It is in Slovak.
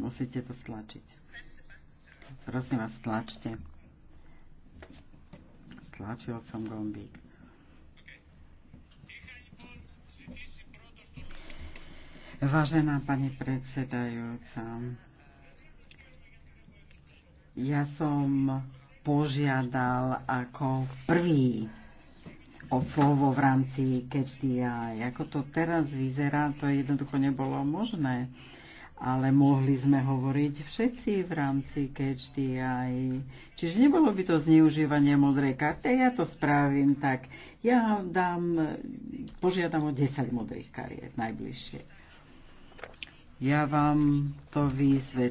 Musíte to stlačiť. Prosím vás, stlačte. Stlačil som gombík. Vážená pani predsedajúca, ja som požiadal ako prvý o slovo v rámci CatchDI. Ako to teraz vyzerá, to jednoducho nebolo možné ale mohli sme hovoriť všetci v rámci Catch Čiže nebolo by to zneužívanie modrej karty, ja to spravím tak. Ja dám, požiadam o 10 modrých kariet najbližšie. Ja vám to vysvetlím.